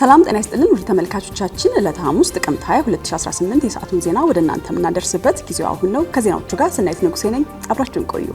ሰላም ጤና ይስጥልን ውድ ተመልካቾቻችን፣ ዕለተ ሐሙስ ጥቅምት 20 2018 የሰዓቱን ዜና ወደ እናንተ የምናደርስበት ጊዜው አሁን ነው። ከዜናዎቹ ጋር ስናይት ንጉሴ ነኝ። አብራችሁን ቆዩ።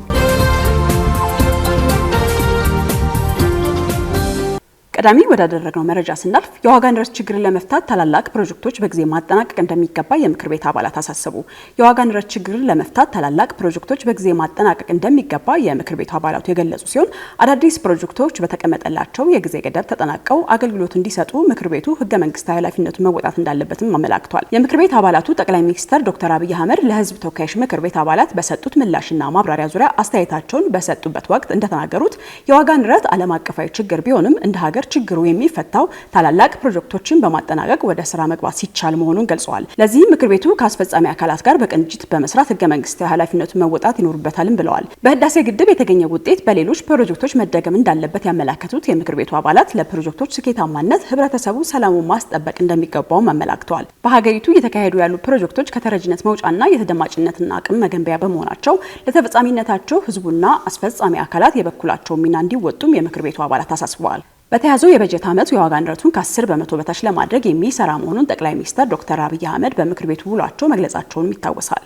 ቀዳሚ ወዳደረግነው መረጃ ስናልፍ የዋጋ ንረት ችግርን ለመፍታት ታላላቅ ፕሮጀክቶች በጊዜ ማጠናቀቅ እንደሚገባ የምክር ቤት አባላት አሳሰቡ። የዋጋ ንረት ችግርን ለመፍታት ታላላቅ ፕሮጀክቶች በጊዜ ማጠናቀቅ እንደሚገባ የምክር ቤቱ አባላቱ የገለጹ ሲሆን አዳዲስ ፕሮጀክቶች በተቀመጠላቸው የጊዜ ገደብ ተጠናቀው አገልግሎት እንዲሰጡ ምክር ቤቱ ህገ መንግስታዊ ኃላፊነቱን መወጣት እንዳለበትም አመላክቷል። የምክር ቤት አባላቱ ጠቅላይ ሚኒስትር ዶክተር አብይ አህመድ ለህዝብ ተወካዮች ምክር ቤት አባላት በሰጡት ምላሽና ማብራሪያ ዙሪያ አስተያየታቸውን በሰጡበት ወቅት እንደተናገሩት የዋጋ ንረት ዓለም አቀፋዊ ችግር ቢሆንም እንደ ሀገር ችግሩ የሚፈታው ታላላቅ ፕሮጀክቶችን በማጠናቀቅ ወደ ስራ መግባት ሲቻል መሆኑን ገልጸዋል። ለዚህም ምክር ቤቱ ከአስፈጻሚ አካላት ጋር በቅንጅት በመስራት ህገ መንግስታዊ ኃላፊነቱን መወጣት ይኖርበታልም ብለዋል። በህዳሴ ግድብ የተገኘ ውጤት በሌሎች ፕሮጀክቶች መደገም እንዳለበት ያመላከቱት የምክር ቤቱ አባላት ለፕሮጀክቶች ስኬታማነት ህብረተሰቡ ሰላሙን ማስጠበቅ እንደሚገባውም አመላክተዋል። በሀገሪቱ እየተካሄዱ ያሉ ፕሮጀክቶች ከተረጅነት መውጫና የተደማጭነትና አቅም መገንቢያ በመሆናቸው ለተፈጻሚነታቸው ህዝቡና አስፈጻሚ አካላት የበኩላቸውን ሚና እንዲወጡም የምክር ቤቱ አባላት አሳስበዋል። በተያዘው የበጀት ዓመት የዋጋ ንረቱን ከ10 በመቶ በታች ለማድረግ የሚሰራ መሆኑን ጠቅላይ ሚኒስትር ዶክተር አብይ አህመድ በምክር ቤቱ ውሏቸው መግለጻቸውም ይታወሳል።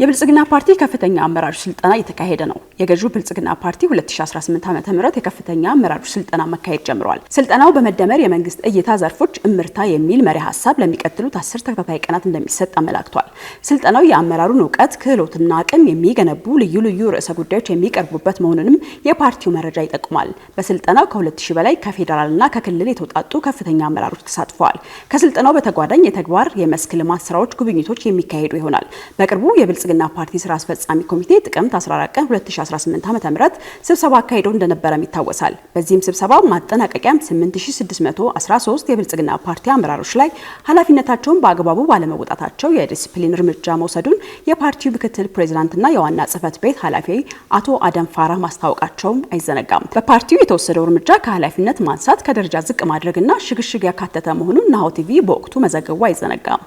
የብልጽግና ፓርቲ ከፍተኛ አመራሮች ስልጠና እየተካሄደ ነው። የገዢው ብልጽግና ፓርቲ 2018 ዓ.ም የከፍተኛ አመራሮች ስልጠና መካሄድ ጀምሯል። ስልጠናው በመደመር የመንግስት እይታ ዘርፎች እምርታ የሚል መሪ ሀሳብ ለሚቀጥሉት አስር ተከታታይ ቀናት እንደሚሰጥ አመላክቷል። ስልጠናው የአመራሩን እውቀት ክህሎትና አቅም የሚገነቡ ልዩ ልዩ ርዕሰ ጉዳዮች የሚቀርቡበት መሆኑንም የፓርቲው መረጃ ይጠቁማል። በስልጠናው ከ2000 በላይ ከፌዴራልና ከክልል የተውጣጡ ከፍተኛ አመራሮች ተሳትፈዋል። ከስልጠናው በተጓዳኝ የተግባር የመስክ ልማት ስራዎች ጉብኝቶች የሚካሄዱ ይሆናል። በቅርቡ የብልጽ የብልጽግና ፓርቲ ስራ አስፈጻሚ ኮሚቴ ጥቅምት 14 ቀን 2018 ዓ.ም ስብሰባ አካሂዶ እንደነበረም ይታወሳል። በዚህም ስብሰባ ማጠናቀቂያም 8613 የብልጽግና ፓርቲ አመራሮች ላይ ኃላፊነታቸውን በአግባቡ ባለመወጣታቸው የዲሲፕሊን እርምጃ መውሰዱን የፓርቲው ምክትል ፕሬዚዳንትና የዋና ጽህፈት ቤት ኃላፊ አቶ አደም ፋራ ማስታወቃቸውም አይዘነጋም። በፓርቲው የተወሰደው እርምጃ ከኃላፊነት ማንሳት፣ ከደረጃ ዝቅ ማድረግና ሽግሽግ ያካተተ መሆኑን ናሁ ቲቪ በወቅቱ መዘገቡ አይዘነጋም።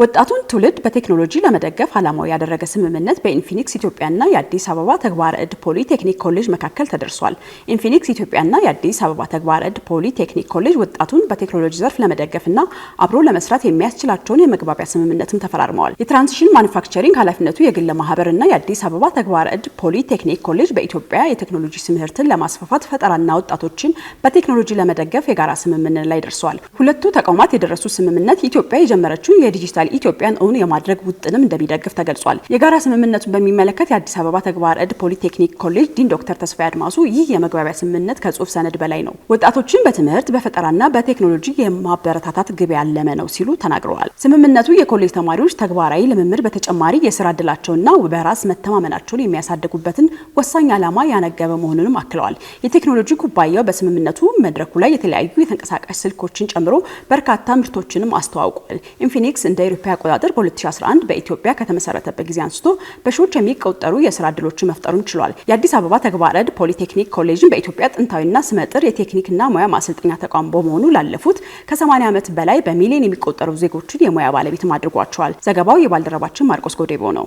ወጣቱን ትውልድ በቴክኖሎጂ ለመደገፍ ዓላማው ያደረገ ስምምነት በኢንፊኒክስ ኢትዮጵያና የአዲስ አበባ ተግባረ እድ ፖሊቴክኒክ ኮሌጅ መካከል ተደርሷል። ኢንፊኒክስ ኢትዮጵያና የአዲስ አበባ ተግባረ እድ ፖሊቴክኒክ ኮሌጅ ወጣቱን በቴክኖሎጂ ዘርፍ ለመደገፍና አብሮ ለመስራት የሚያስችላቸውን የመግባቢያ ስምምነትም ተፈራርመዋል። የትራንዚሽን ማኑፋክቸሪንግ ኃላፊነቱ የግል ማህበርና የአዲስ አበባ ተግባረ እድ ፖሊቴክኒክ ኮሌጅ በኢትዮጵያ የቴክኖሎጂ ትምህርትን ለማስፋፋት ፈጠራና ወጣቶችን በቴክኖሎጂ ለመደገፍ የጋራ ስምምነት ላይ ደርሰዋል። ሁለቱ ተቋማት የደረሱ ስምምነት ኢትዮጵያ የጀመረችው የዲጂታል ለምሳሌ ኢትዮጵያን እውን የማድረግ ውጥንም እንደሚደግፍ ተገልጿል። የጋራ ስምምነቱን በሚመለከት የአዲስ አበባ ተግባር እድ ፖሊቴክኒክ ኮሌጅ ዲን ዶክተር ተስፋ አድማሱ ይህ የመግባቢያ ስምምነት ከጽሁፍ ሰነድ በላይ ነው፣ ወጣቶችን በትምህርት በፈጠራና በቴክኖሎጂ የማበረታታት ግብ ያለመ ነው ሲሉ ተናግረዋል። ስምምነቱ የኮሌጅ ተማሪዎች ተግባራዊ ልምምድ በተጨማሪ የስራ እድላቸውና በራስ መተማመናቸውን የሚያሳድጉበትን ወሳኝ ዓላማ ያነገበ መሆኑንም አክለዋል። የቴክኖሎጂ ኩባያው በስምምነቱ መድረኩ ላይ የተለያዩ የተንቀሳቃሽ ስልኮችን ጨምሮ በርካታ ምርቶችንም አስተዋውቋል። ኢንፊኒክስ እንደ በኢትዮጵያ አቆጣጠር በ2011 በኢትዮጵያ ከተመሰረተበት ጊዜ አንስቶ በሺዎች የሚቆጠሩ የስራ እድሎችን መፍጠሩን ችሏል። የአዲስ አበባ ተግባረ ዕድ ፖሊቴክኒክ ኮሌጅን በኢትዮጵያ ጥንታዊና ስመጥር የቴክኒክና ሙያ ማሰልጠኛ ተቋም በመሆኑ ላለፉት ከ80 ዓመት በላይ በሚሊዮን የሚቆጠሩ ዜጎችን የሙያ ባለቤትም አድርጓቸዋል። ዘገባው የባልደረባችን ማርቆስ ጎዴቦ ነው።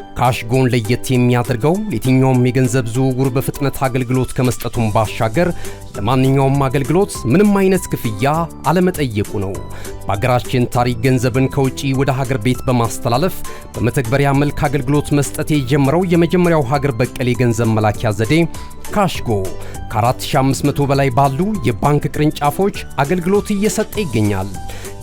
ካሽጎን ለየት የሚያደርገው የትኛውም የገንዘብ ዝውውር በፍጥነት አገልግሎት ከመስጠቱን ባሻገር ለማንኛውም አገልግሎት ምንም አይነት ክፍያ አለመጠየቁ ነው። በሀገራችን ታሪክ ገንዘብን ከውጪ ወደ ሀገር ቤት በማስተላለፍ በመተግበሪያ መልክ አገልግሎት መስጠት የጀመረው የመጀመሪያው ሀገር በቀል የገንዘብ መላኪያ ዘዴ ካሽጎ ከ4500 በላይ ባሉ የባንክ ቅርንጫፎች አገልግሎት እየሰጠ ይገኛል።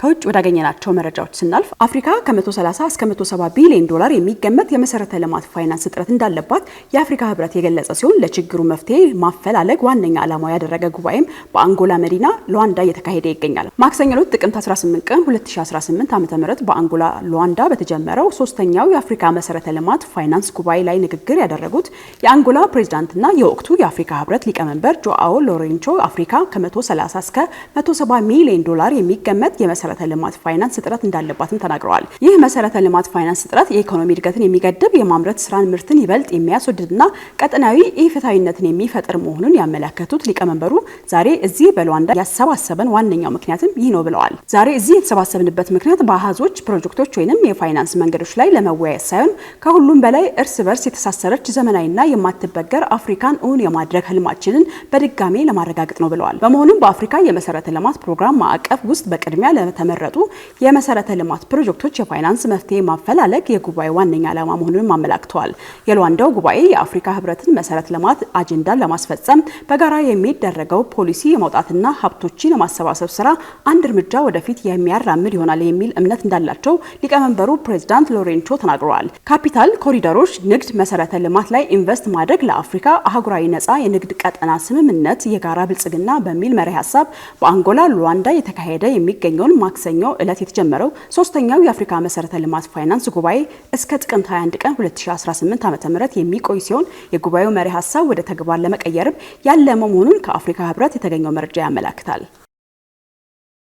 ከውጭ ወዳገኘናቸው መረጃዎች ስናልፍ አፍሪካ ከ130 እስከ 170 ቢሊዮን ዶላር የሚገመት የመሰረተ ልማት ፋይናንስ እጥረት እንዳለባት የአፍሪካ ህብረት የገለጸ ሲሆን ለችግሩ መፍትሄ ማፈላለግ ዋነኛ ዓላማው ያደረገ ጉባኤም በአንጎላ መዲና ሉዋንዳ እየተካሄደ ይገኛል። ማክሰኞ ዕለት ጥቅምት 18 ቀን 2018 ዓ ም በአንጎላ ሉዋንዳ በተጀመረው ሶስተኛው የአፍሪካ መሰረተ ልማት ፋይናንስ ጉባኤ ላይ ንግግር ያደረጉት የአንጎላ ፕሬዚዳንትና የወቅቱ የአፍሪካ ህብረት ሊቀመንበር ጆአዎ ሎሬንቾ አፍሪካ ከ130 እስከ 170 ሚሊዮን ዶላር የሚገመት የመሰረተ ልማት ፋይናንስ እጥረት እንዳለባትም ተናግረዋል። ይህ መሰረተ ልማት ፋይናንስ እጥረት የኢኮኖሚ እድገትን የሚገድብ የማምረት ስራን ምርትን ይበልጥ የሚያስወድድና ቀጠናዊ ኢፍትሐዊነትን የሚፈጥር መሆኑን ያመለከቱት ሊቀመንበሩ ዛሬ እዚህ በሉዋንዳ ያሰባሰበን ዋነኛው ምክንያትም ይህ ነው ብለዋል። ዛሬ እዚህ የተሰባሰብንበት ምክንያት በአሃዞች ፕሮጀክቶች ወይም የፋይናንስ መንገዶች ላይ ለመወያየት ሳይሆን ከሁሉም በላይ እርስ በርስ የተሳሰረች ዘመናዊና የማትበገር አፍሪካን እውን የማድረግ ህልማችንን በድጋሜ ለማረጋገጥ ነው ብለዋል። በመሆኑም በአፍሪካ የመሰረተ ልማት ፕሮግራም ማዕቀፍ ውስጥ በቅድሚያ ለተመረጡ የመሰረተ ልማት ፕሮጀክቶች የፋይናንስ መፍትሄ ማፈላለግ የጉባኤ ዋነኛ ዓላማ መሆኑንም አመላክተዋል። የሉዋንዳው ጉባኤ የአፍሪካ ህብረትን መሰረተ ልማት አጀንዳን ለማስፈጸም በጋራ የሚደረገው ፖሊሲ የማውጣትና ሀብቶችን የማሰባሰብ ስራ አንድ እርምጃ ወደፊት የሚያራምድ ይሆናል የሚል እምነት እንዳላቸው ሊቀመንበሩ ፕሬዚዳንት ሎሬንቾ ተናግረዋል። ካፒታል ኮሪደሮች፣ ንግድ፣ መሰረተ ልማት ላይ ኢንቨስት ማድረግ ለአፍሪካ አህጉራዊ ነጻ የንግድ ቀጠና ስምምነት የጋራ ብልጽግና በሚል መሪ ሀሳብ በአንጎላ ሉዋንዳ የተካሄደ የሚገኘውን ማክሰኞ ዕለት የተጀመረው ሶስተኛው የአፍሪካ መሰረተ ልማት ፋይናንስ ጉባኤ እስከ ጥቅምት 21 ቀን 2018 ዓ.ም የሚቆይ ሲሆን የጉባኤው መሪ ሀሳብ ወደ ተግባር ለመቀየርም ያለመ መሆኑን ከአፍሪካ ህብረት የተገኘው መረጃ ያመላክታል።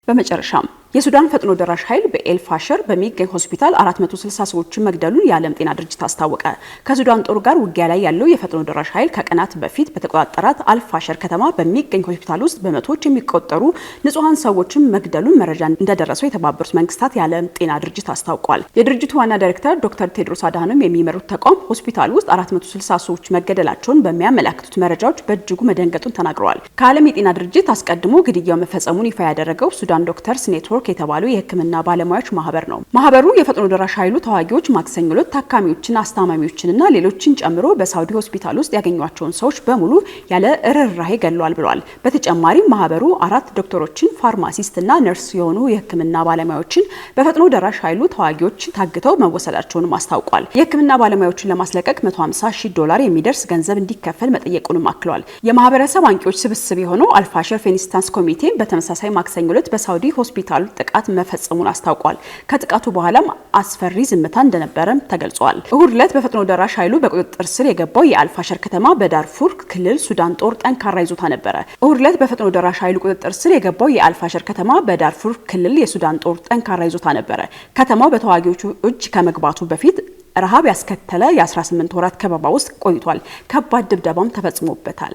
በመጨረሻም የሱዳን ፈጥኖ ደራሽ ኃይል በኤልፋሸር በሚገኝ ሆስፒታል 460 ሰዎችን መግደሉን የዓለም ጤና ድርጅት አስታወቀ። ከሱዳን ጦር ጋር ውጊያ ላይ ያለው የፈጥኖ ደራሽ ኃይል ከቀናት በፊት በተቆጣጠራት አልፋሸር ከተማ በሚገኝ ሆስፒታል ውስጥ በመቶዎች የሚቆጠሩ ንጹሐን ሰዎችን መግደሉን መረጃ እንደደረሰው የተባበሩት መንግስታት የዓለም ጤና ድርጅት አስታውቋል። የድርጅቱ ዋና ዳይሬክተር ዶክተር ቴድሮስ አድሃኖም የሚመሩት ተቋም ሆስፒታል ውስጥ 460 ሰዎች መገደላቸውን በሚያመላክቱት መረጃዎች በእጅጉ መደንገጡን ተናግረዋል። ከዓለም የጤና ድርጅት አስቀድሞ ግድያው መፈጸሙን ይፋ ያደረገው ሱዳን ዶክተርስ ኔትወርክ ኔትወርክ የተባሉ የህክምና ባለሙያዎች ማህበር ነው። ማህበሩ የፈጥኖ ደራሽ ኃይሉ ተዋጊዎች ማክሰኞ ዕለት ታካሚዎችን፣ አስታማሚዎችንና ሌሎችን ጨምሮ በሳውዲ ሆስፒታል ውስጥ ያገኟቸውን ሰዎች በሙሉ ያለ ርኅራሄ ገድሏል ብሏል። በተጨማሪም ማህበሩ አራት ዶክተሮችን፣ ፋርማሲስትና ነርስ የሆኑ የህክምና ባለሙያዎችን በፈጥኖ ደራሽ ኃይሉ ተዋጊዎች ታግተው መወሰዳቸውንም አስታውቋል። የህክምና ባለሙያዎችን ለማስለቀቅ 150 ሺህ ዶላር የሚደርስ ገንዘብ እንዲከፈል መጠየቁንም አክሏል። የማህበረሰብ አንቂዎች ስብስብ የሆነው አልፋሸር ፌኒስታንስ ኮሚቴ በተመሳሳይ ማክሰኞ ዕለት በሳውዲ ሆስፒታል ጥቃት መፈጸሙን አስታውቋል። ከጥቃቱ በኋላም አስፈሪ ዝምታ እንደነበረም ተገልጿል። እሁድ ዕለት በፈጥኖ ደራሽ ኃይሉ በቁጥጥር ስር የገባው የአልፋሸር ከተማ በዳርፉር ክልል ሱዳን ጦር ጠንካራ ይዞታ ነበረ። እሁድ ዕለት በፈጥኖ ደራሽ ኃይሉ ቁጥጥር ስር የገባው የአልፋሸር ከተማ በዳርፉር ክልል የሱዳን ጦር ጠንካራ ይዞታ ነበረ። ከተማው በተዋጊዎቹ እጅ ከመግባቱ በፊት ረሃብ ያስከተለ የ18 ወራት ከበባ ውስጥ ቆይቷል። ከባድ ድብደባም ተፈጽሞበታል።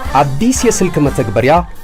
አዲስ የስልክ መተግበሪያ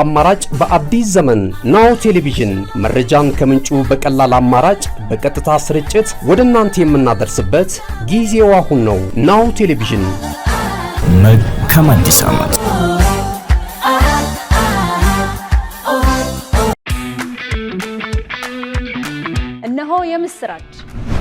አማራጭ በአዲስ ዘመን ናው ቴሌቪዥን መረጃን ከምንጩ በቀላል አማራጭ በቀጥታ ስርጭት ወደ እናንተ የምናደርስበት ጊዜው አሁን ነው። ናው ቴሌቪዥን መልካም አዲስ ዓመት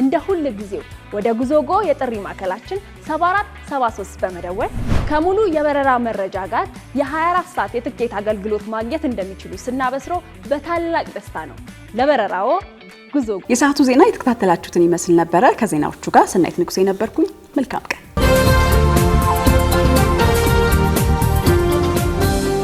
እንደ ሁል ጊዜው ወደ ጉዞጎ የጥሪ ማዕከላችን 7473 በመደወል ከሙሉ የበረራ መረጃ ጋር የ24 ሰዓት የትኬት አገልግሎት ማግኘት እንደሚችሉ ስናበስሮ በታላቅ ደስታ ነው። ለበረራዎ ጉዞጎ። የሰዓቱ ዜና የተከታተላችሁትን ይመስል ነበረ። ከዜናዎቹ ጋር ስናይት ንጉሴ ነበርኩኝ። መልካም ቀን።